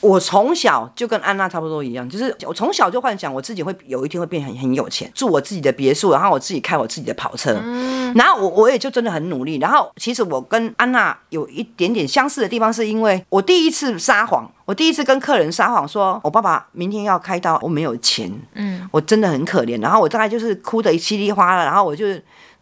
我從小就跟安娜差不多一樣，就是我從小就幻想我自己會有一天會變很很有錢，住我自己的別墅，然後我自己開我自己的跑車。嗯，然後我我也就真的很努力。然後其實我跟安娜有一點點相似的地方，是因為我第一次撒謊，我第一次跟客人撒謊說，說我爸爸明天要開刀，我沒有錢。嗯，我真的很可憐。然後我大概就是哭得稀里嘩啦，然後我就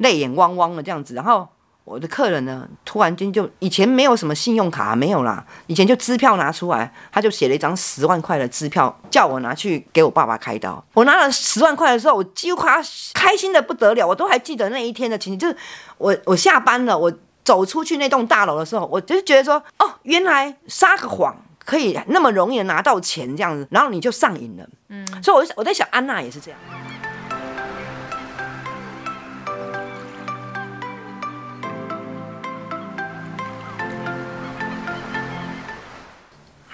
淚眼汪汪的這樣子，然後。我的客人呢，突然間就以前沒有什麼信用卡啊，沒有啦。以前就支票拿出來，他就寫了一張十萬塊的支票，叫我拿去給我爸爸開刀。我拿了十萬塊的時候，我幾乎開心得不得了。我都還記得那一天的情景，就是我我下班了，我走出去那棟大樓的時候，我就是覺得說，哦，原來撒個謊可以那麼容易的拿到錢這樣子，然後你就上癮了。嗯，所以我就我在想，安娜也是這樣。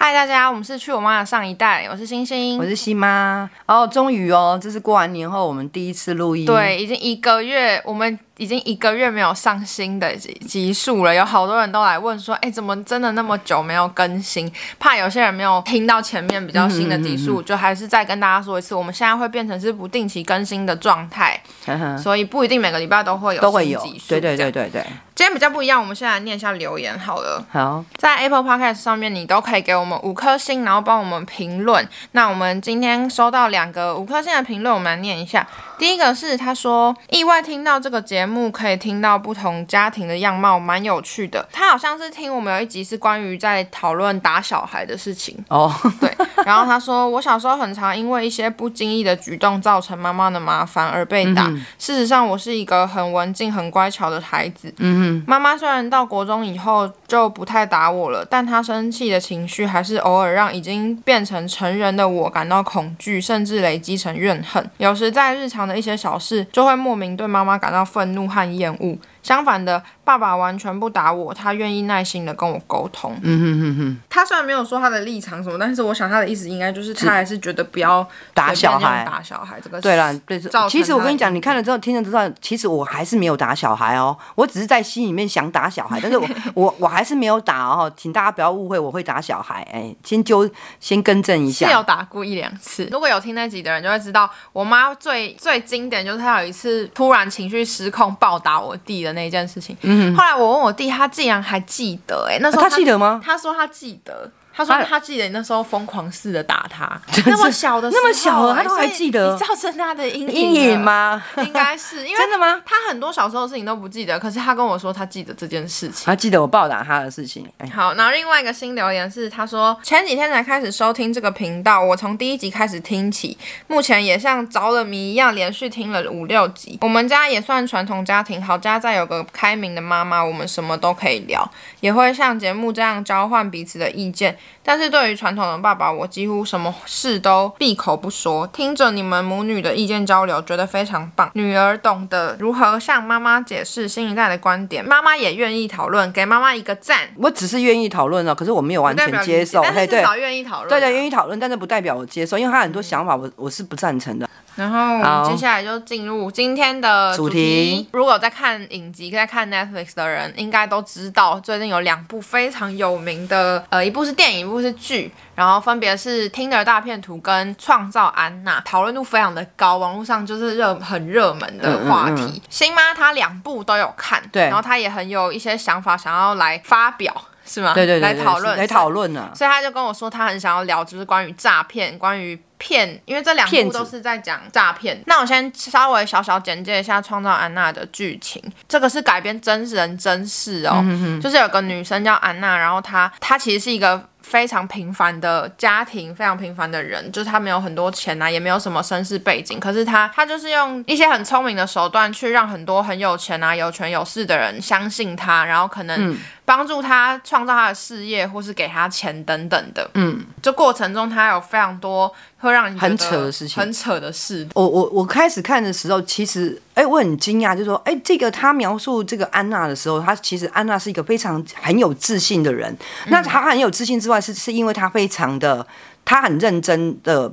嗨，大家，我們是去我媽的上一代。我是星星，我是星媽。哦，終於哦，這是過完年後我們第一次錄音。對，已經一個月，我們。已經一個月沒有上新的集數了，有好多人都來問說，哎、欸，怎麼真的那麼久沒有更新？怕有些人沒有聽到前面比較新的集數，就還是再跟大家說一次，我們現在會變成是不定期更新的狀態，呵呵，所以不一定每個禮拜都會有都會有。這樣。對對對對對。今天比較不一樣，我們現在念一下留言好了。好，在 Apple Podcast 上面，你都可以給我們五顆星，然後幫我們評論。那我們今天收到兩個五顆星的評論，我們來念一下。第一個是他說意外聽到這個節目，可以聽到不同家庭的樣貌，蠻有趣的。他好像是聽我們有一集是關於在討論打小孩的事情哦，oh. 對。然後他說，我小時候很常因為一些不經意的舉動造成媽媽的麻煩而被打。嗯哼。事實上，我是一個很文靜、很乖巧的孩子。嗯哼，媽媽雖然到國中以後。就不太打我了，但她生氣的情緒還是偶爾讓已經變成成人的我感到恐懼，甚至累積成怨恨。有時在日常的一些小事，就會莫名對媽媽感到憤怒和厭惡。相反的，爸爸完全不打我，他願意耐心的跟我溝通。嗯哼哼哼，他雖然沒有說他的立場什麼，但是我想他的意思應該就是他還是覺得不要打小孩，打小孩這個對了，對。其實我跟你講，你看了之後聽了之後，其實我還是沒有打小孩哦、喔，我只是在心裡面想打小孩，但是我 我我還是沒有打哦、喔，請大家不要誤會，我會打小孩。哎、欸，先糾先更正一下，是有打過一兩次。如果有聽那集的人就會知道，我媽最最經典就是她有一次突然情緒失控暴打我弟了。那一件事情，嗯、哼後來我問我弟，他竟然還記得、欸，哎，那時候他，、啊、他記得嗎？他說他記得。他說他記得你那時候瘋狂似的打他，那麼小的時候，那麼小的，他都還記得，你造成他的陰影嗎？應該是因為真的嗎？他很多小時候的事情都不記得，可是他跟我說他記得這件事情，他記得我暴打他的事情。好，然後另外一個新留言是，他說前幾天才開始收聽這個頻道，我從第一集開始聽起，目前也像着了迷一樣，連續聽了五六集。我們家也算傳統家庭，好家在有個開明的媽媽，我們什麼都可以聊，也會像節目這樣交換彼此的意見。但是對於傳統的爸爸，我幾乎什麼事都閉口不說，聽着你們母女的意見交流，覺得非常棒。女兒懂得如何向媽媽解釋新一代的觀點，媽媽也願意討論，給媽媽一個讚。我只是願意討論哦，可是我沒有完全接受。但至少，願意討論，對對，願意討論，但這不代表我接受，因為他很多想法我，我、嗯、我是不贊成的。然後接下來就進入今天的主題。主題，如果在看影集，在看 Netflix 的人，應該都知道最近有兩部非常有名的，呃，一部是電影，一部是劇，然後分別是 Tinder 大騙徒跟《創造安娜》，討論度非常的高，網絡上就是熱、哦、很熱門的話題。嗯嗯嗯，星媽她兩部都有看，對，然後她也很有一些想法，想要來發表，是嗎？對，對對對，來討論，來討論了、啊。所以她就跟我說，她很想要聊，就是關於詐騙，關於。騙，因為這兩部都是在講詐騙。騙子。那我先稍微小小簡介一下《創造安娜》的劇情，這個是改編真人真事哦，嗯哼。就是有個女生叫安娜，然後她她其實是一個非常平凡的家庭，非常平凡的人，就是她沒有很多錢啊，也沒有什麼身世背景，可是她她就是用一些很聰明的手段去讓很多很有錢啊、有權有勢的人相信她，然後可能。嗯幫助他創造他的事業，或是給他錢等等的，嗯，這過程中他有非常多會讓你很扯的事情，很扯的事。我我我開始看的時候，其實哎、欸，我很驚訝，就是說哎，這個他描述這個安娜的時候，他其實安娜是一個非常很有自信的人。嗯、那他很有自信之外是，是是因為他非常的，他很認真的。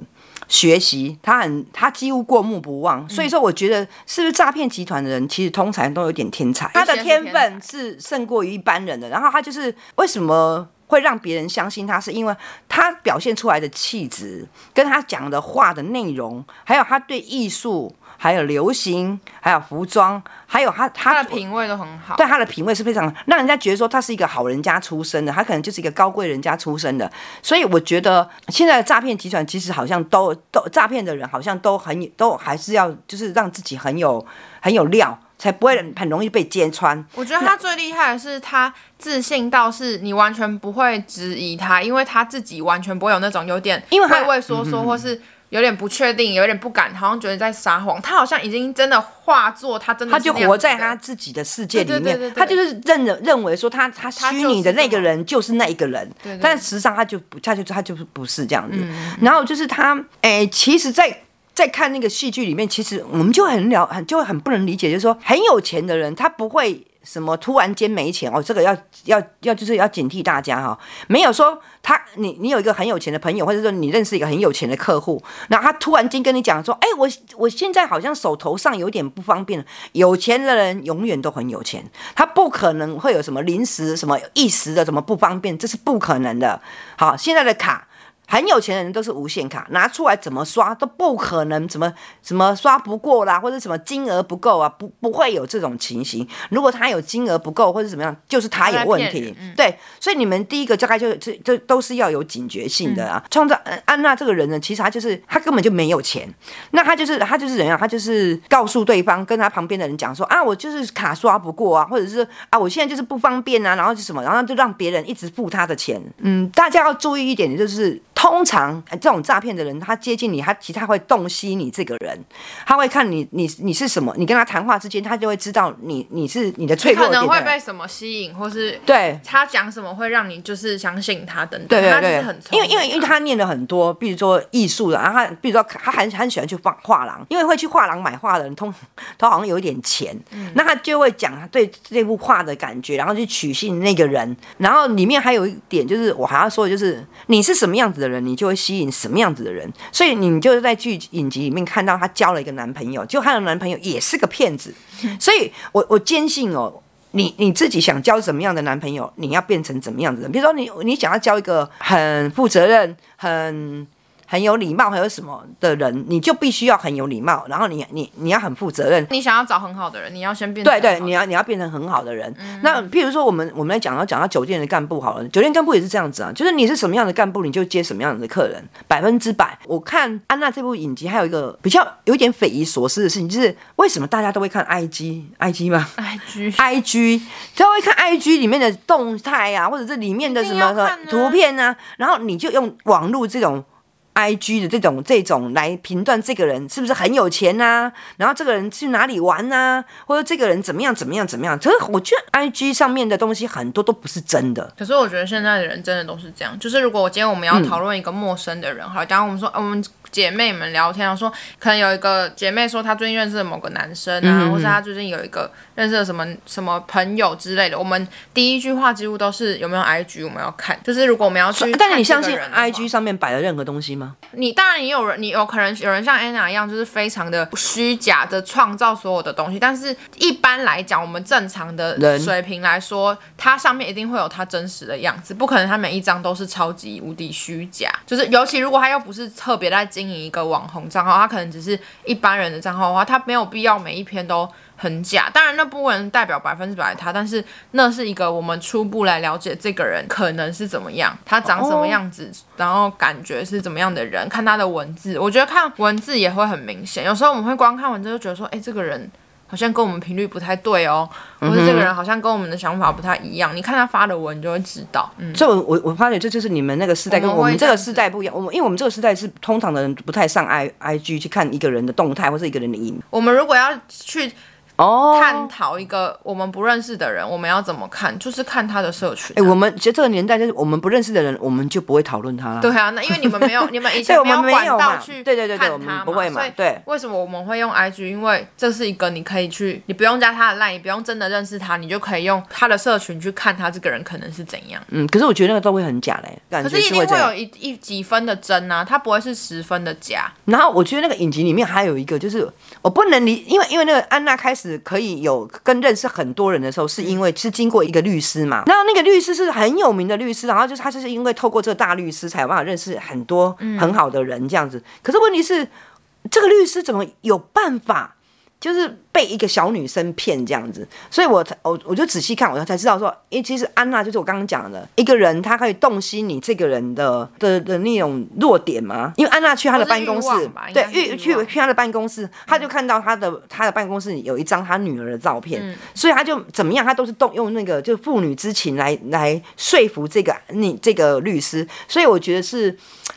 學習，他很，他幾乎過目不忘。嗯、所以說，我覺得是不是詐騙集團的人，其實通常都有點天才，嗯、他的天分是勝過於一般人的。然後他就是為什麼會讓別人相信他是，是因為他表現出來的氣質，跟他講的話的內容，還有他對藝術還有流行，還有服裝，還有他，他，他的品味都很好。對他的品味是非常讓人家覺得說，他是一個好人家出身的，他可能就是一個高貴人家出身的。所以我覺得現在的詐騙集團其實好像都都詐騙的人好像都很都還是要就是讓自己很有很有料，才不會很容易被揭穿。我覺得他最厲害的是他自信到是你完全不會質疑他，因為他自己完全不會有那種有點說說因為他會說說或是。有點不確定，有點不敢，好像覺得在撒謊。他好像已經真的化作他真的，的，他就活在他自己的世界裡面。對對對對對，他就是認認為說他他虛擬的那個人就是那一個人，但實際上他就不他就他就是不是這樣子。嗯嗯然後就是他誒、欸，其實在在看那個戲劇裡面，其實我們就很了很就很不能理解，就是說很有錢的人他不會。什麼突然間沒錢哦？這個要要要，就是要警惕大家哈、哦。沒有說他，你你有一個很有錢的朋友，或者說你認識一個很有錢的客戶，那他突然間跟你講說：“哎，我我現在好像手頭上有點不方便。”有錢的人永遠都很有錢，他不可能會有什麼臨時、什麼一時的什麼不方便，這是不可能的。好，現在的卡。很有錢的人都是無限卡，拿出來怎麼刷都不可能，怎麼怎麼刷不過啦，或者什麼金額不夠啊，不不會有這種情形。如果他有金額不夠或者是怎麼樣，就是他有問題。對，嗯、所以你們第一個大概就就，就都是要有警覺性的、嗯嗯、啊。創造安娜這個人呢，其實他就是他根本就沒有錢，那他就是他就是怎樣、啊，他就是告訴對方跟他旁邊的人講說啊，我就是卡刷不過啊，或者是啊我現在就是不方便啊，然後就什麼，然後就讓別人一直付他的錢。嗯，大家要注意一點就是。通常這種詐騙的人，他接近你，他其實他會洞悉你這個人，他會看你，你你是什麼，你跟他談話之間，他就會知道你你是你的脆弱的點，他可能會被什麼吸引，或是對他講什麼會讓你就是相信他等等。對，對，對，對很、啊、因為因為因為他念了很多，比如說藝術的，然後比如說他很很喜歡去畫畫廊，因為會去畫廊買畫的人，通他好像有一點錢，嗯、那他就會講他對這幅畫的感覺，然後去取信那個人。然後裡面還有一點就是我還要說的就是你是什麼樣子的人，人，你就會吸引什麼樣子的人，所以你就是在劇影集裡面看到她交了一個男朋友，就她的男朋友也是個騙子，所以我我堅信哦，你你自己想交什麼樣的男朋友，你要變成怎麼樣子的人。比如說你你想要交一個很負責任、很。很有禮貌，還有什麼的人，你就必須要很有禮貌。然後你你你要很負責任。你想要找很好的人，你要先變成好對，對對，你要你要變成很好的人。嗯。那譬如說我們我們來講，要講到酒店的幹部好了，酒店幹部也是這樣子啊，就是你是什麼樣的幹部，你就接什麼樣的客人，百分之百。我看安娜這部影集，還有一個比較有點匪夷所思的事情，就是為什麼大家都會看 i g i g 嗎？i g i g 大家會看 i g 裡面的動態啊，或者是裡面的什麼什麼圖片啊，然後你就用網絡這種。I G 的這種這種來評斷這個人是不是很有錢啊？然後這個人去哪裡玩啊？或者這個人怎麼樣怎麼樣怎麼樣？可是我覺得 I G 上面的東西很多都不是真的。可是我覺得現在的人真的都是這樣，就是如果我今天我們要討論一個陌生的人，嗯、好，剛剛我們說、啊、我們姐妹們聊天啊，說可能有一個姐妹說她最近認識了某個男生啊，嗯嗯或是她最近有一個認識了什麼什麼朋友之類的，我們第一句話幾乎都是有沒有 I G 我們要看，就是如果我們要去，但是你相信 I G 上面擺的任何東西嗎？你當然也有人，你有可能有人像 Anna 一樣，就是非常的虛假的創造所有的東西。但是，一般來講，我們正常的水平來說，它上面一定會有它真實的樣子，不可能它每一張都是超級無敵虛假。就是尤其如果他又不是特別在經營一個網紅賬號他可能只是一般人的賬號的話，他沒有必要每一篇都。很假，當然那部分代表百分之百他，但是那是一個我們初步來了解這個人可能是怎麼樣，他長什麼樣子，哦、然後感覺是怎麼樣的人，看他的文字，我覺得看文字也會很明顯。有時候我們會光看文字就覺得說，哎、欸，這個人好像跟我們頻率不太對哦，嗯、哼或者這個人好像跟我們的想法不太一樣。你看他發的文你就會知道。嗯、就我我發覺這就是你們那個世代跟我們這個世代不一樣。我們因為我們這個世代是通常的人不太上 IG 去看一個人的動態或者一個人的影。我們如果要去。Oh, 探討一個我們不認識的人，我們要怎麼看？就是看他的社群。啊。哎、欸，我們其實這個年代就是我們不認識的人，我們就不會討論他了。啊。對啊，那因為你們沒有，你們以前沒有管道去 對，對對對對，看他不會嘛？對，為什麼我們會用 IG？因為這是一個你可以去，你不用加他的賴，也不用真的認識他，你就可以用他的社群去看他這個人可能是怎樣。嗯，可是我覺得那個都會很假嘞，感覺。可是一定會有一一幾分的真呢。啊，他不會是十分的假。然後我覺得那個影集裡面還有一個，就是我不能理，因為因為那個安娜開始。可以有跟認識很多人的時候，是因為是經過一個律師嘛？然後那個律師是很有名的律師，然後就是他就是因為透過這個大律師，才有辦法認識很多很好的人這樣子。嗯、可是問題是，這個律師怎麼有辦法？就是。被一個小女生騙這樣子，所以我才我我就仔細看，我才知道說，因為其實安娜就是我剛剛講的一個人，她可以洞悉你這個人的的的那種弱點嘛。因為安娜去他的辦公室，對，欲去去他的辦公室，他就看到他的他的辦公室有一張他女兒的照片，嗯、所以他就怎麼樣，他都是動用那個就父女之情來來說服這個你這個律師。所以我覺得是，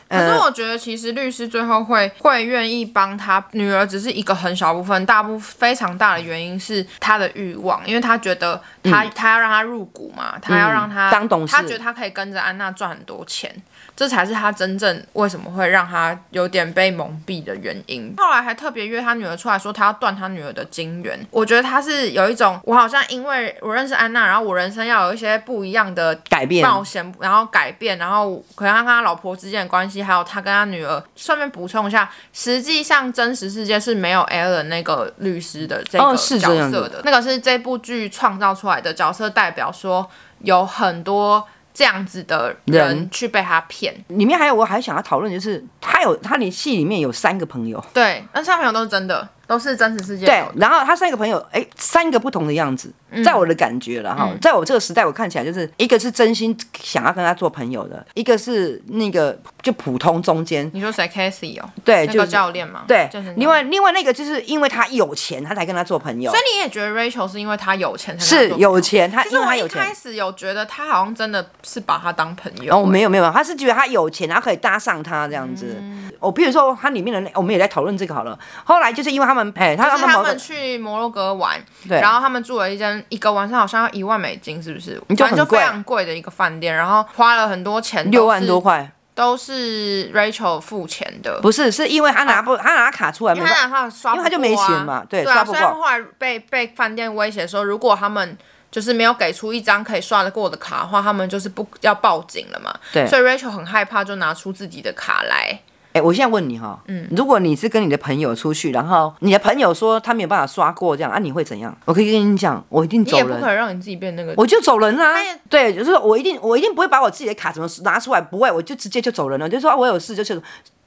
呃、可是我覺得其實律師最後會會願意幫他女兒，只是一個很小部分，大部分非常。大的原因是他的慾望，因為他覺得他、嗯、他要讓他入股嘛，嗯、他要讓他當董事，他覺得他可以跟着安娜賺很多錢。這才是他真正為什麼會讓他有點被蒙蔽的原因。後來還特別約他女兒出來說他要斷他女兒的金援。我覺得他是有一種，我好像因為我認識安娜，然後我人生要有一些不一樣的改變，冒險，然後改變，然後可能他跟他老婆之間的關係，還有他跟他女兒。順便補充一下，實際上真實世界是沒有艾倫那個律師的這個角色的，哦，那個是這部劇創造出來的角色，代表說有很多。這樣子的人去被他騙，裡面還有我還想要討論，就是他有他連戲裡面有三個朋友，對，那三個朋友都是真的。都是真實世界的對，然後他三個朋友，哎、欸，三個不同的樣子，嗯、在我的感覺了哈，嗯、在我這個時代，我看起來就是一個是真心想要跟他做朋友的，一個是那個就普通中間，你說誰？Casey 哦，對，就是、教練嘛，對，就是另外另外那個就是因為他有錢，他才跟他做朋友，所以你也覺得 Rachel 是因為他有錢他是有錢，他因為他有錢我一開始有覺得他好像真的是把他當朋友、欸，哦，沒有沒有，他是覺得他有錢，他可以搭上他這樣子，我、嗯哦、比如說他裡面的、那個，我們也在討論這個好了，後來就是因為他們。欸、他剛剛是他們去摩洛哥玩，對，然後他們住了一間一個晚上，好像要一萬美金，是不是？很反正就非常貴的一個飯店，然後花了很多錢，六萬多塊都是 Rachel 付錢的，不是，是因為他拿不、啊、他拿卡出來沒，沒他拿卡刷，啊，因為他就沒錢嘛，對。對啊，所以後來被被飯店威脅說，如果他們就是沒有給出一張可以刷得過的卡的話，他們就是不要報警了嘛。對，所以 Rachel 很害怕，就拿出自己的卡來。哎、欸，我現在問你哈，嗯，如果你是跟你的朋友出去，然後你的朋友說他沒有辦法刷過這樣啊，你會怎樣？我可以跟你講，我一定走人。也不可能讓你自己變那個，我就走人啊。也對，就是我一定，我一定不會把我自己的卡怎麼拿出來，不會，我就直接就走人了，就說我有事就就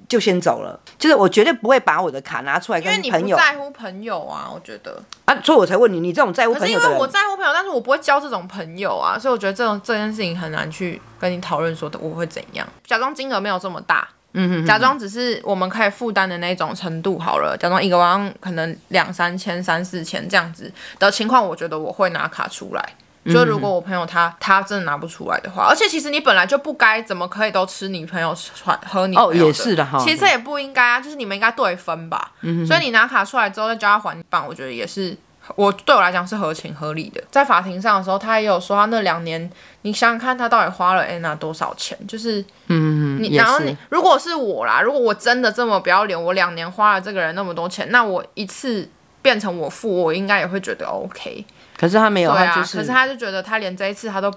就先走了。就是我絕對不會把我的卡拿出來跟朋友。因為你在乎朋友啊，我覺得啊，所以我才問你，你這種在乎朋友的，可是因為我在乎朋友，但是我不會交這種朋友啊，所以我覺得這種這件事情很難去跟你討論說的，我會怎樣？假裝金額沒有這麼大。嗯哼、哼，假裝只是我們可以負擔的那種程度好了，假裝一個晚上可能兩三千、三四千這樣子的情況，我覺得我會拿卡出來。就如果我朋友他、嗯、哼他真的拿不出來的話，而且其實你本來就不該怎麼可以都吃你朋友穿喝你朋友的哦，也是的哈，其實這也不應該啊，就是你們應該對分吧。嗯、哼哼，所以你拿卡出來之後再叫他還一半，我覺得也是。我對我來講是合情合理的。在法庭上的時候，他也有說他那兩年，你想想看，他到底花了安娜多少錢？就是，嗯哼，然後你是如果是我啦，如果我真的這麼不要臉，我兩年花了這個人那麼多錢，那我一次變成我付，我應該也會覺得 OK。可是他沒有，啊、他就是，可是他就覺得他連這一次他都。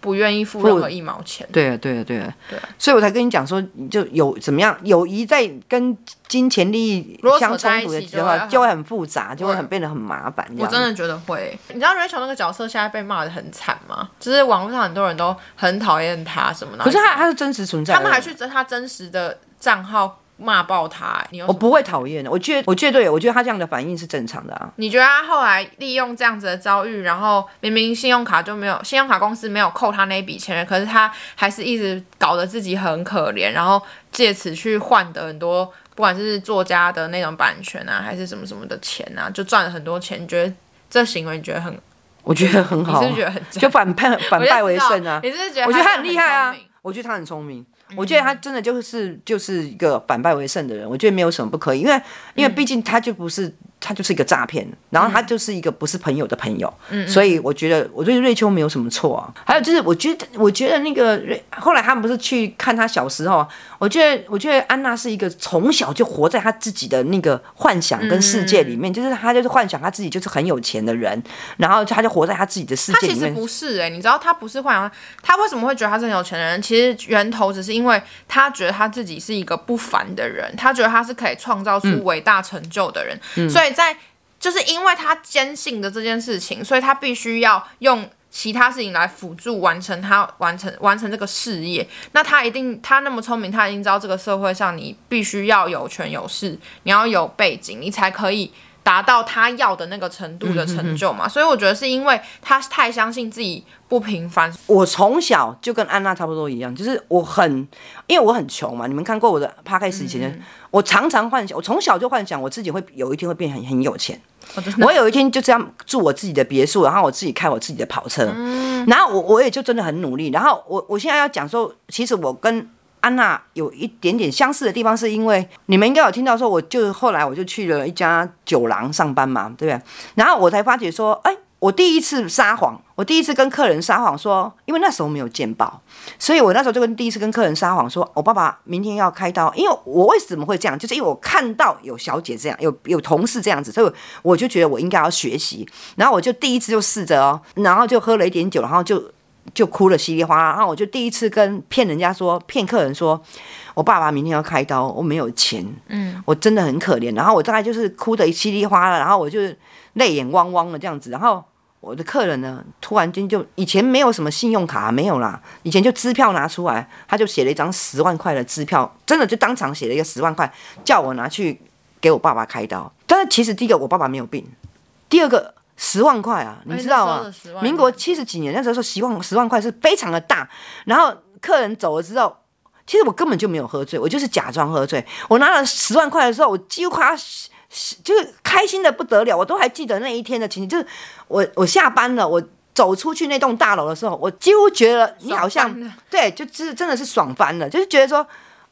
不願意付任何一毛錢，對啊，對啊，對啊，對，對，所以我才跟你講說，就有怎麼樣，友誼在跟金錢利益相衝突的時候，就會，就會很複雜，對就會很變得很麻煩。我真的覺得會， 你知道 Rachel 那個角色現在被罵得很慘嗎？就是網絡上很多人都很討厭他什麼的，可是他他是真實存在，他們還去查他真實的賬號。罵爆他！我不會討厭的，我覺我絕對，我覺得他這樣的反應是正常的啊。你覺得他後來利用這樣子的遭遇，然後明明信用卡就沒有，信用卡公司沒有扣他那筆錢，可是他還是一直搞得自己很可憐，然後借此去換得很多，不管是作家的那種版權啊，還是什麼什麼的錢啊，就賺了很多錢。你覺得這行為你覺得很，我覺得很好啊，你是不是覺得很就反叛反敗為勝啊？你是不是覺得？我覺得他很厲害啊，我覺得他很聰明。我覺得他真的就是就是一個反敗為勝的人，我覺得沒有什麼不可以，因為因為畢竟他就不是。嗯他就是一個詐騙，然後他就是一個不是朋友的朋友，嗯、所以我覺得我對瑞秋沒有什麼錯啊。還有就是，我覺得我覺得那個瑞後來他們不是去看他小時候？我覺得我覺得安娜是一個從小就活在他自己的那個幻想跟世界裡面，嗯、就是他就是幻想他自己就是很有錢的人，然後他就活在他自己的世界裡面。他其實不是哎、欸，你知道他不是幻想他，他為什麼會覺得他是很有錢的人？其實源頭只是因為他覺得他自己是一個不凡的人，他覺得他是可以創造出偉大成就的人，嗯、所以。在，就是因為他堅信的這件事情，所以他必須要用其他事情來輔助完成他完成完成這個事業。那他一定，他那麼聰明，他已經知道這個社會上，你必須要有權有勢，你要有背景，你才可以。達到他要的那個程度的成就嘛，嗯、哼哼，所以我覺得是因為他太相信自己不平凡。我從小就跟安娜差不多一樣，就是我很，因為我很窮嘛。你們看過我的 Podcast 以前，嗯、我常常幻想，我從小就幻想我自己會有一天會變得很有錢。哦、我有一天就這樣住我自己的別墅，然後我自己開我自己的跑車。嗯、然後我我也就真的很努力。然後我我現在要講說，其實我跟。安娜有一點點相似的地方，是因為你們應該有聽到說，我就後來我就去了一家酒廊上班嘛，對不對？然後我才發覺說，哎、欸，我第一次撒謊，我第一次跟客人撒謊說，說因為那時候沒有健保，所以我那時候就跟第一次跟客人撒謊說，說、哦、我爸爸明天要開刀。因為我為什麼會這樣，就是因為我看到有小姐這樣，有有同事這樣子，所以我就覺得我應該要學習。然後我就第一次就試着哦，然後就喝了一點酒，然後就。就哭得稀里嘩啦，然後我就第一次跟騙人家說騙客人說，我爸爸明天要開刀，我沒有錢，嗯，我真的很可憐，然後我大概就是哭得稀里嘩啦，然後我就淚眼汪汪的這樣子，然後我的客人呢，突然間就以前沒有什麼信用卡、啊、沒有啦，以前就支票拿出來，他就寫了一張十萬塊的支票，真的就當場寫了一個十萬塊，叫我拿去給我爸爸開刀，但是其實第一個我爸爸沒有病，第二個。十萬塊啊，欸、你知道嗎？十萬。民國七十幾年那時候說十萬十萬塊是非常的大。然後客人走了之後，其實我根本就沒有喝醉，我就是假裝喝醉。我拿了十萬塊的時候，我幾乎誇，就是開心的不得了，我都還記得那一天的情景。就是我我下班了，我走出去那棟大樓的時候，我幾乎覺得你好像對，就是真的是爽翻了，就是覺得說，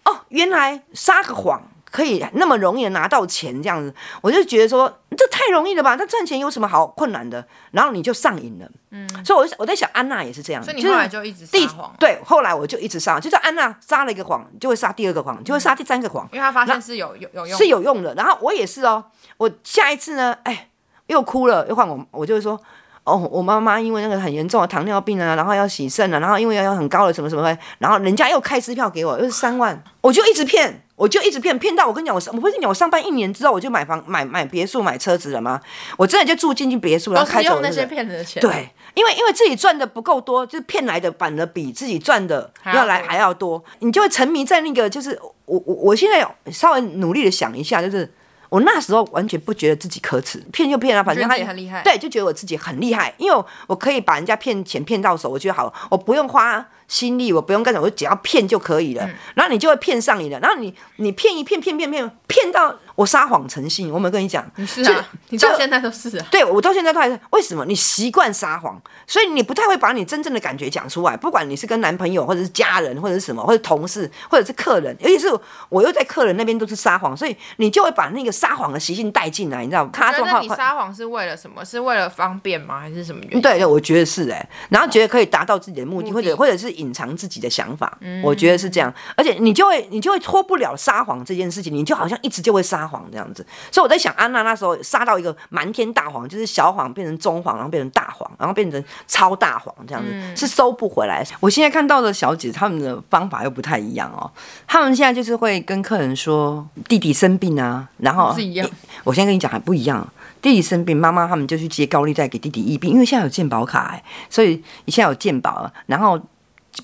哦，原來撒個謊。可以那麼容易的拿到錢這樣子，我就覺得說這太容易了吧？那賺錢有什麼好困難的？然後你就上癮了，嗯，所以我就我在想安娜也是這樣子，所以你後來就一直撒謊，對，後來我就一直撒，就是安娜撒了一個謊，就會撒第二個謊，就會撒第三個謊。嗯，因為她發現是有然後有有用，是有用的。然後我也是哦、喔，我下一次呢，哎，又哭了，又換我，我就會說，哦，我媽媽因為那個很嚴重的糖尿病啊，然後要洗腎啊，然後因為要要很高的什麼什麼，然後人家又開支票給我，又是三萬，我就一直騙。我就一直騙騙到我跟你講，我我跟你講，我上班一年之後，我就買房買買別墅，買，別墅買車子了嗎？我真的就住進去別墅了，哦、開走那，個、用那些騙子的錢。對，因為因為自己賺的不夠多，就是騙來的反而比自己賺的要來還要多，你就會沉迷在那個。就是我我我現在稍微努力的想一下，就是我那時候完全不覺得自己可恥，騙就騙了、啊，反正他也很厲害。對，就覺得我自己很厲害，因為我可以把人家騙錢騙到手，我覺得好，我不用花、啊。心力我不用幹什麼，我只要騙就可以了。然後你就會騙上癮了。然後你你騙一騙騙騙騙騙到。我撒謊成性，我沒有跟你講。你是啊，你到現在都是啊。對，我到現在都還是。為什麼你習慣撒謊？所以你不太會把你真正的感覺講出來。不管你是跟男朋友，或者是家人，或者是什麼，或者是同事，或者是客人，尤其是我又在客人那邊都是撒謊，所以你就會把那個撒謊的習性帶進來，你知道嗎？你覺得你撒謊是為了什麼？是為了方便嗎？還是什麼原因？對對，我覺得是哎、欸。然後覺得可以達到自己的目、目的，或者或者是隱藏自己的想法。嗯、我覺得是這樣。而且你就會你就會脫不了撒謊這件事情，你就好像一直就會撒。謊。謊這樣子，所以我在想，安娜那時候撒到一個瞞天大謊，就是小謊變成中謊，然後變成大謊，然後變成超大謊這樣子，是收不回來。嗯、我現在看到的小姐他們的方法又不太一樣哦，他們現在就是會跟客人說弟弟生病啊，然後我一樣。我先跟你講還不一樣，弟弟生病，媽媽他們就去借高利貸給弟弟醫病，因為現在有健保卡、欸，所以現在有健保，然後。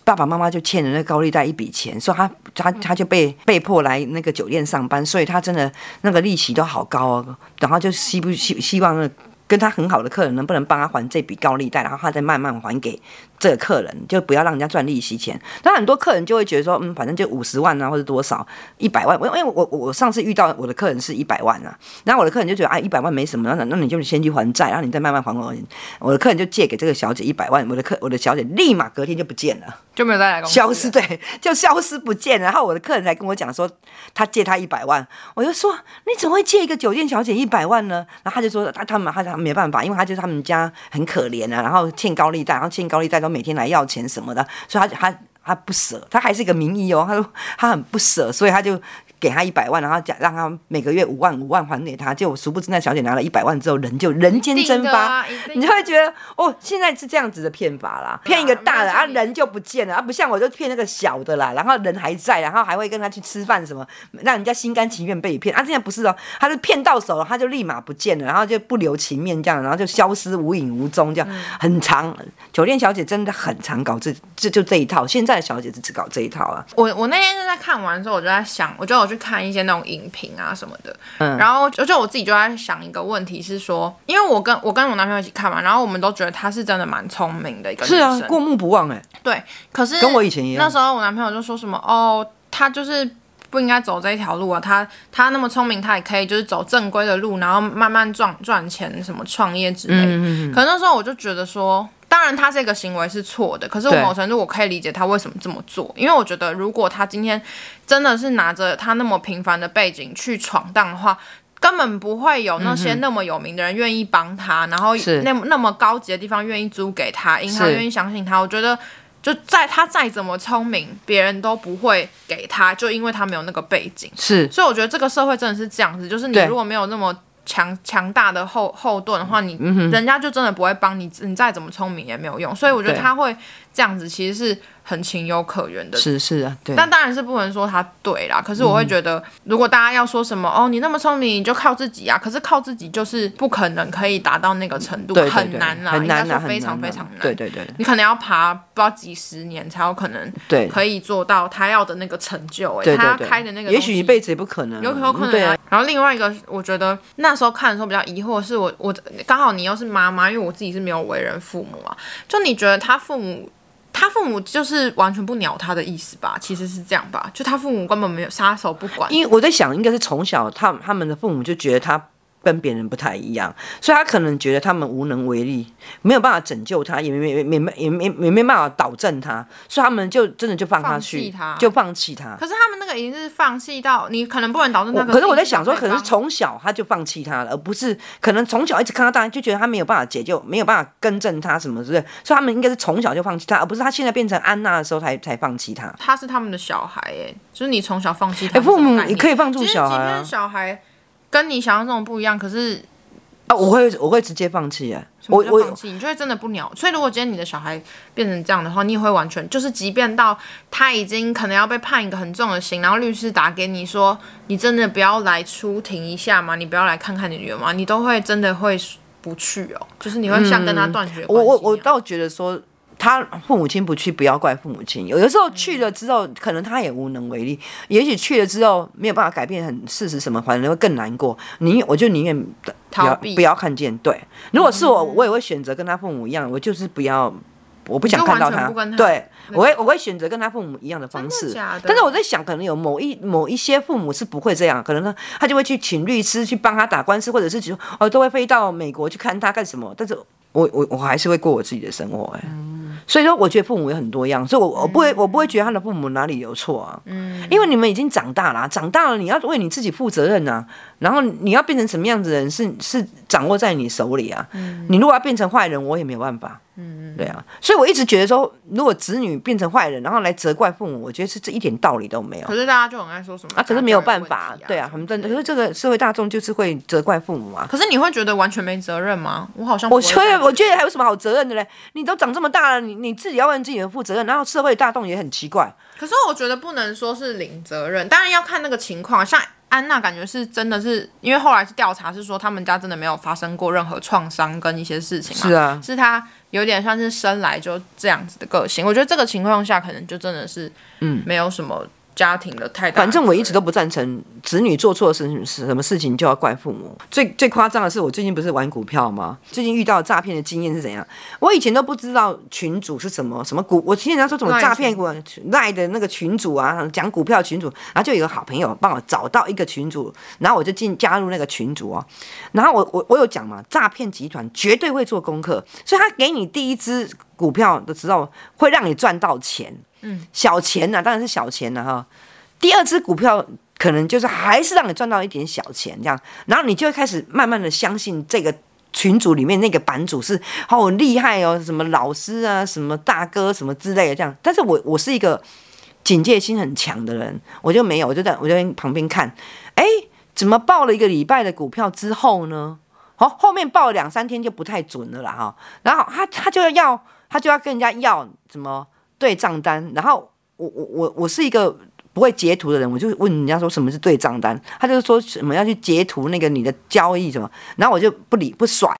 爸爸媽媽就欠了那個高利貸一筆錢，所以他他他就被被迫來那個酒店上班，所以他真的那個利息都好高啊、哦。然後就希不希希望那個。跟他很好的客人能不能幫他還這筆高利貸，然後他再慢慢還給這個客人，就不要讓人家賺利息錢。那很多客人就會覺得說，嗯，反正就五十萬啊，或者多少一百萬，因為我，因為我我上次遇到我的客人是一百萬啊，然後我的客人就覺得，啊，一百萬沒什麼，那那你就先去還債，然後你再慢慢還我。我的客人就借給這個小姐一百萬，我的客我的小姐立馬隔天就不見了，就沒有再來公司，消失，對，就消失不見。然後我的客人才跟我講說，他借他一百萬，我就說，你怎麼會借一個酒店小姐一百萬呢？然後他就說，他他們他他們。沒辦法，因為他就是他們家很可憐啊，然後欠高利貸，然後欠高利貸都每天來要錢什麼的，所以他他他不捨，他還是一個名醫哦，他說他很不捨，所以他就給他一百萬，然後假讓他每個月五萬五萬還給他，就我殊不知那小姐拿了一百萬之後人就人間蒸發，啊、你就會覺得哦，現在是這樣子的騙法啦，騙一個大的啊，啊人就不見了啊，不像我就騙那個小的啦，然後人還在，然後還會跟他去吃飯什麼，讓人家心甘情願被騙啊，現在不是哦、喔，他是騙到手了，他就立馬不見了，然後就不留情面這樣，然後就消失無影無蹤這樣，嗯、很常，酒店小姐真的很常搞這這就，就這一套，現在的小姐就只搞這一套啊。我我那天是在看完之後我就在想，我覺得我。去看一些那種影評啊什麼的，嗯、然後而且我自己就在想一個問題，是說，因為我跟我跟我男朋友一起看嘛，然後我們都覺得他是真的蠻聰明的一個，是啊，過目不忘哎，欸，對，可是跟我以前一樣，那時候我男朋友就說什麼哦，他就是不應該走這一條路啊，他他那麼聰明，他也可以就是走正規的路，然後慢慢賺賺錢，什麼創業之類的，嗯嗯嗯，可是可那時候我就覺得說。當然，他這個行為是錯的。可是，我某程度我可以理解他為什麼這麼做，對因為我覺得，如果他今天真的是拿着他那麼平凡的背景去闖蕩的話，根本不會有那些那麼有名的人願意幫他，嗯、哼然後那是那麼高級的地方願意租給他，銀行願意相信他。是我覺得，就在他再怎麼聰明，別人都不會給他，就因為他沒有那個背景。是，所以我覺得這個社會真的是這樣子，就是你如果沒有那麼。強強大的後後盾的話，你人家就真的不會幫你，嗯哼，你再怎麼聰明也沒有用。所以我覺得他會這樣子，其實是很情有可原的。是是啊，對。那當然是不能說他對啦。可是我會覺得，如果大家要說什麼、嗯、哦，你那麼聰明，你就靠自己啊。可是靠自己就是不可能可以達到那個程度，對對對，很難啦。很難，應該是非常非常難。難難對，對對對，你可能要爬。不知道幾十年才有可能對，可以做到他要的那個成就，欸、哎對，他開的那個對對對，也許一輩子也不可能，有可能啊。嗯、啊然後另外一個，我覺得那時候看的時候比較疑惑是我，我我剛好你又是媽媽，因為我自己是沒有為人父母啊。就你覺得他父母，他父母就是完全不鳥他的意思吧？其實是這樣吧？就他父母根本沒有撒手不管，因為我在想，應該是從小他他們的父母就覺得他。跟別人不太一樣，所以他可能覺得他們無能為力，沒有辦法拯救他，也沒也、沒也沒也沒也沒辦法導正他，所以他們就真的就放他去，就放棄他。棄他，可是他們那個已經是放棄到你可能不能矯正他。可是我在想說，可能是從小他就放棄他了，而不是可能從小一直看到大就覺得他沒有辦法解救，沒有辦法更正他什麼之類，所以他們應該是從小就放棄他，而不是他現在變成安娜的時候才才放棄他。他是他們的小孩耶，就是你從小放棄。他、欸。父母你可以放棄小、啊、小孩。跟你想象中的不一樣，可是啊，我會，我會直接放棄。啊，我就放棄，你就會真的不鳥。所以，如果今天你的小孩變成這樣的話，你也會完全就是，即便到他已經可能要被判一個很重的刑，然後律師打給你說，你真的不要來出庭一下嗎？你不要來看看你女兒嗎？你都會真的會不去哦、喔，就是你會像跟他斷絕、嗯。我我我倒覺得說。他父母親不去，不要怪父母親。有的時候去了之後，可能他也無能為力。也許去了之後，沒有辦法改變很事實什麼，反而會更難過。你我就寧願不要，不要看見。逃避。對，如果是我，我也會選擇跟他父母一樣，我就是不要，我不想看到他。對，我會我會選擇跟他父母一樣的方式。但是我在想，可能有某一某一些父母是不會這樣，可能他他就會去請律師去幫他打官司，或者是說哦，都會飛到美國去看他幹什麼？但是我我我還是會過我自己的生活欸。哎。所以說，我覺得父母有很多樣，所以我我不會我不會覺得他的父母哪裡有錯啊，嗯，因為你們已經長大了，長大了你要為你自己負責任啊。然後你要變成什麼樣子的人是，是是掌握在你手裡啊。嗯、你如果要變成壞人，我也沒有辦法。嗯嗯，對啊。所以我一直覺得說，如果子女變成壞人，然後來責怪父母，我覺得是這一點道理都沒有。可是大家就很愛說什麼啊，啊？可是沒有辦法，啊對啊，很真的。可是這個社會大眾就是會責怪父母啊。可是你會覺得完全沒責任嗎？我好像我我我覺得還有什麼好責任的嘞？你都長這麼大了，你你自己要為自己的負責任。然後社會大眾也很奇怪。可是我覺得不能說是零責任，當然要看那個情況，像。安娜感覺是真的是，因為後來是調查，是說他們家真的沒有發生過任何創傷跟一些事情嘛？是啊，是他有點像是生來就這樣子的個性。我覺得這個情況下，可能就真的是，嗯，沒有什麼。家庭的態度，反正我一直都不贊成子女做錯什什什麼事情就要怪父母最。最最誇張的是，我最近不是玩股票嗎？最近遇到詐騙的經驗是怎樣？我以前都不知道群組是什麼，什麼股。我聽人家說怎麼詐騙股賴的那個群組啊，講股票群組，然後就有一個好朋友幫我找到一個群組，然後我就進加入那個群組哦、啊。然後我我我有講嘛，詐騙集團絕對會做功課，所以他給你第一支股票的時候會讓你賺到錢。嗯，小錢啊，當然是小錢了、啊、哈。第二支股票可能就是還是讓你賺到一點小錢這樣，然後你就會開始慢慢的相信這個群組裡面那個版主是好厲害哦，什麼老師啊，什麼大哥什麼之類的這樣。但是我我是一個警戒心很強的人，我就沒有，我就在我這旁邊看，哎、欸，怎麼報了一個禮拜的股票之後呢？好，後面報兩三天就不太準了啦。哈。然後他他就要他就要跟人家要什麼？對賬單，然後我我我我是一個不會截圖的人，我就問人家說什麼是對賬單，他就說什麼要去截圖那個你的交易什麼，然後我就不理不甩，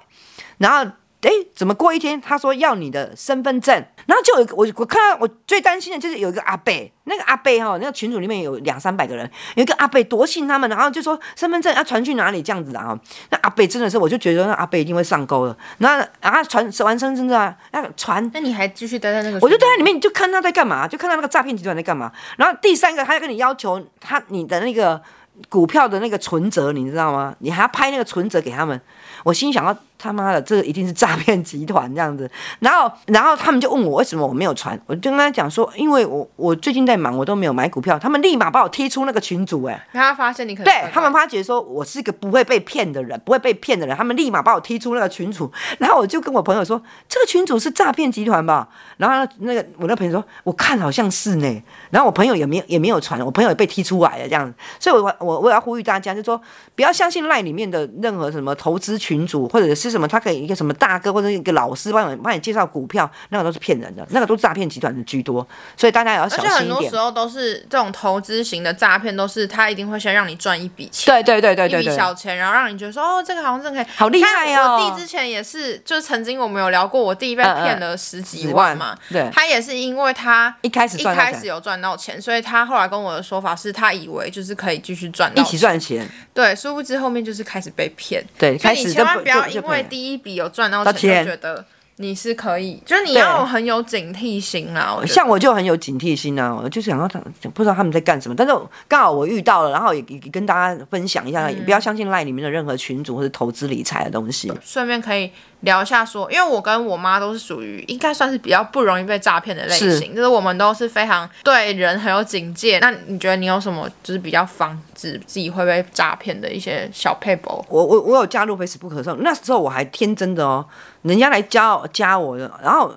然後。哎，怎麼過一天？他說要你的身份證，然後就有我，我看到我最擔心的就是有一個阿伯，那個阿伯哈、哦，那個群組裡面有兩三百個人，有一個阿伯多信他們，然後就說身份證要傳去哪裡這樣子的、啊、那阿伯真的是，我就覺得那阿伯一定會上鈎了。那啊傳完身份證啊，傳那你還繼續待在那個？我就待在裡面，就看他在幹嘛，就看到那個詐騙集團在幹嘛。然後第三個，他要跟你要求他你的那個股票的那個存折，你知道嗎？你還要拍那個存折給他們。我心想到，我他媽的，這個一定是詐騙集團這樣子。然後，然後他們就問我為什麼我沒有傳，我就跟他講說，因為我我最近在忙，我都沒有買股票。他們立馬把我踢出那個群組欸，哎，他發現你可能。對他們發覺說我是一個不會被騙的人，不會被騙的人，他們立馬把我踢出那個群組。然後我就跟我朋友說，這個群組是詐騙集團吧？然後那個我那朋友說，我看好像是呢，欸。然後我朋友也沒有也沒有傳，我朋友也被踢出來了這樣子。所以我，我我我要呼籲大家，就是說不要相信 LINE 裡面的任何什麼投資群。群主或者是什麼，他可以一個什麼大哥或者一個老師幫你幫你介紹股票，那個都是騙人的，那個都是詐騙集團的居多，所以大家也要小心一點。而且很多時候都是這種投資型的詐騙，都是他一定會先讓你賺一筆錢，對對,對對對對對，一筆小錢，然後讓你覺得說哦，這個好像真的可以，好厲害哦。我弟之前也是，就是、曾經我們有聊過，我弟被騙了十幾萬嘛嗯嗯十萬嘛，對，他也是因為他一開始一開始有賺到錢，所以他後來跟我的說法是他以為就是可以繼續賺到，一起賺錢，對，殊不知後面就是開始被騙，對，開始。不，不要因為第一筆有賺到錢就覺得你是可以，就你要很有警惕心啊！像我就很有警惕心啊，我就想要他不知道他們在幹什麼，但是剛好我遇到了，然後也也跟大家分享一下，嗯、不要相信 LINE 裡面的任何群組或者投資理財的東西，順便可以。聊一下說，因為我跟我媽都是屬於應該算是比較不容易被詐騙的類型，是就是我們都是非常對人很有警戒。那你覺得你有什麼就是比較防止自己會被詐騙的一些小撇步？我我我有加入非死不可，那時候我還天真的哦、喔，人家來加加我的，然後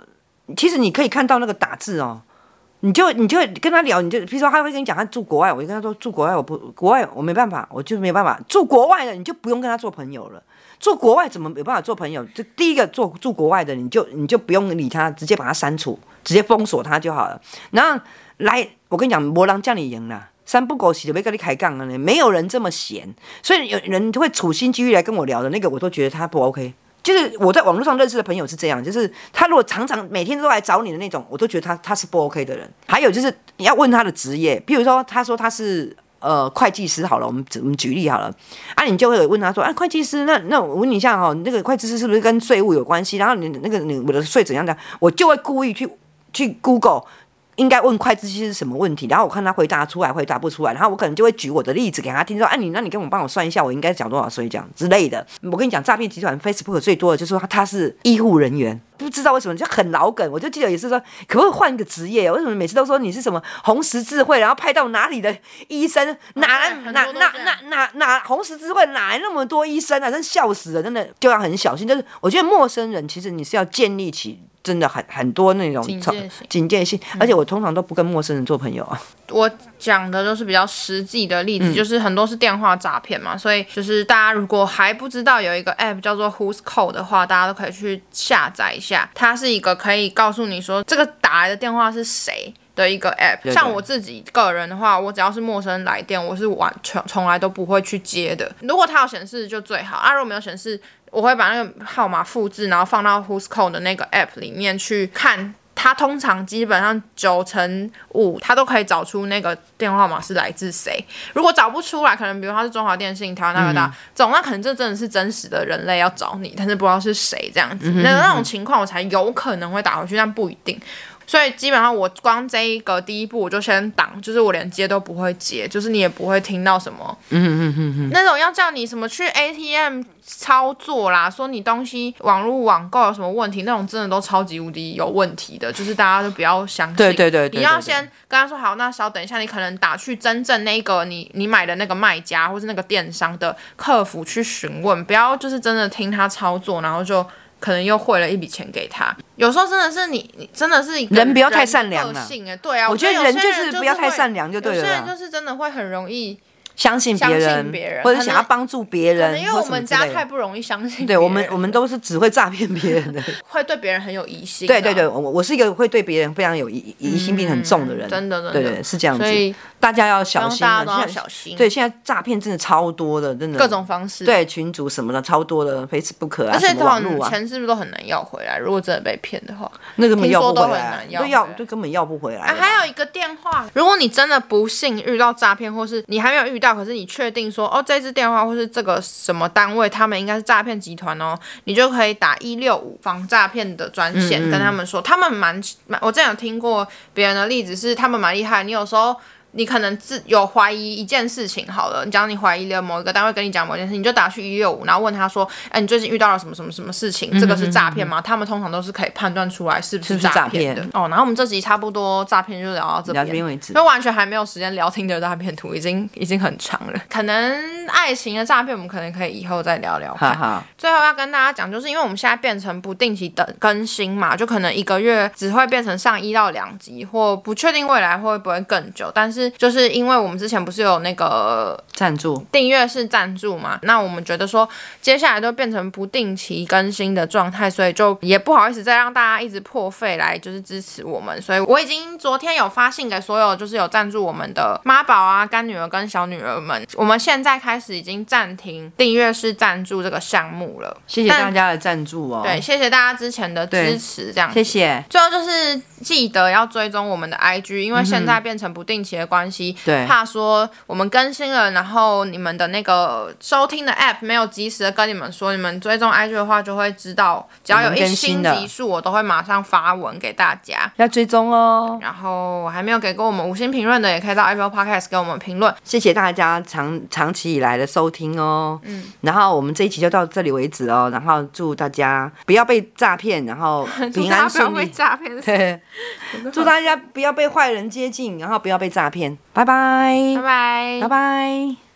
其實你可以看到那個打字哦、喔。你就你就跟他聊，你就比如說他會跟你講他住國外，我就跟他說住國外我不國外我沒辦法，我就沒辦法住國外的，你就不用跟他做朋友了。住國外怎麼沒辦法做朋友？就第一個做住國外的，你就你就不用理他，直接把他刪除，直接封鎖他就好了。然後來，我跟你講，魔狼叫你贏了，三不五時就別跟你開槓了，沒有人這麼閒，所以有人會處心積慮來跟我聊的，那個我都覺得他不 OK。其實我在網絡上認識的朋友是這樣，就是他如果常常每天都來找你的那種，我都覺得他他是不 OK 的人。還有就是你要問他的職業，比如說他說他是呃會計師，好了，我們我們舉例好了，啊，你就會問他說啊會計師，那那我問你一下哈、哦，那個會計師是不是跟稅務有關係？然後你那個你我的稅怎樣的？我就會故意去去 Google。應該問會計師是什麼問題，然後我看他回答出來，回答不出來，然後我可能就會舉我的例子給他聽，說，哎、啊，你那你跟我幫我算一下，我應該繳多少稅這樣之類的。我跟你講，詐騙集團 Facebook 最多的就是說他是醫護人員，不知道為什麼就很老梗，我就記得也是說，可不可以換一個職業？為什麼每次都說你是什麼紅十字會，然後派到哪裡的醫生，哪、哦、哪哪哪哪哪，哪紅十字會哪來那麼多醫生啊？真笑死了，真的就要很小心，就是我覺得陌生人其實你是要建立起。真的很很多那種警戒性、警戒性，而且我通常都不跟陌生人做朋友啊。我講的都是比較實際的例子，嗯，就是很多是電話詐騙嘛，所以就是大家如果還不知道有一個 app 叫做 Who's Call 的話，大家都可以去下載一下，它是一個可以告訴你說這個打來的電話是誰的一個 app。對對對，像我自己個人的話，我只要是陌生人來電，我是完全從來都不會去接的。如果它有顯示就最好，啊，如果沒有顯示，我會把那個號碼複製，然後放到 Who's Call 的那個 app 裡面去看。它通常基本上九成五，它都可以找出那個電話號碼是來自誰。如果找不出來，可能比如說他是中華電信、台灣大哥大，嗯、總那可能這真的是真實的人類要找你，但是不知道是誰這樣子。那那種情況我才有可能會打回去，但不一定。所以基本上，我光這一個第一步，我就先擋，就是我連接都不會接，就是你也不會聽到什麼。嗯嗯嗯嗯。那種要叫你什麼去 ATM 操作啦，說你東西網絡網購有什麼問題，那種真的都超級無敵有問題的，就是大家都不要相信。對對對，對，對，對對對。你要先跟他說好，那稍等一下，你可能打去真正那個你你買的那個賣家或是那個電商的客服去詢問，不要就是真的聽他操作，然後就。可能又匯了一筆錢給他。有時候真的是你，你真的是人，的、欸、人不要太善良了。對啊，我覺得人就是不要太善良就對了。有些人就，就是真的會很容易相信別人，別人或者想要幫助別人。可能因為我們家太不容易相信。對我們，我們都是只會詐騙別人的， 會對別人很有疑心。對對對，我我是一個會對別人非常有疑疑心病很重的人。真的、嗯，對對，對是這樣子。大家要小心，大家都要小心。對，現在詐騙真的超多的，真的各種方式，對，群組什麼的超多的，Facebook 啊。而且什麼網路啊，錢是不是都很難要回來？如果真的被騙的話，那根本要不回來，回來對，對根本要不回來。啊，還有一個電話，如果你真的不幸遇到詐騙，或是你還沒有遇到，可是你確定說哦，這支電話或是這個什麼單位，他們應該是詐騙集團哦，你就可以打一六五防詐騙的專線，跟他們說，嗯嗯，他們蠻蠻，我這樣有聽過別人的例子是他們蠻厲害，你有時候。你可能自有懷疑一件事情好了，假如你講你懷疑了某一個單位跟你講某件事，你就打去一六五，然後問他說：“哎、欸，你最近遇到了什麼什麼什麼事情？這個是詐騙嗎？”嗯嗯嗯嗯，他們通常都是可以判斷出來是不是詐騙的。是是哦，然後我們這集差不多詐騙就聊到這邊，聊邊為止，因為完全還沒有時間聊聽的詐騙圖已經已經很長了， 可能愛情的詐騙我們可能可以以後再聊聊看。哈好。最後要跟大家講，就是因為我們現在變成不定期的更新嘛，就可能一個月只會變成上一到兩集，或不確定未來會不會更久，但是。是，就是因為我們之前不是有那個贊助訂閱式贊助嘛，那我們覺得說接下來就變成不定期更新的狀態，所以就也不好意思再讓大家一直破費來就是支持我們，所以我已經昨天有發信給所有就是有贊助我們的媽寶啊、乾女兒跟小女兒們，我們現在開始已經暫停訂閱式贊助這個項目了，謝謝大家的贊助哦，對，謝謝大家之前的支持，這樣，謝謝，最後就是記得要追蹤我們的 IG，因為現在變成不定期的。關係，對，怕說我們更新了，然後你們的那個收聽的 App 沒有及時的跟你們說，你們追蹤 IG 的話就會知道。只要有一新集數的我都會馬上發文給大家。要追蹤哦。然後還沒有給過我們五星評論的，也可以到 Apple Podcast 給我們評論。謝謝大家長長期以來的收聽哦。嗯。然後我們這一期就到這裡為止哦。然後祝大家不要被詐騙，然後平安 不要被詐騙，對。 好祝大家不要被壞人接近，然後不要被詐騙。拜拜，拜拜，拜拜。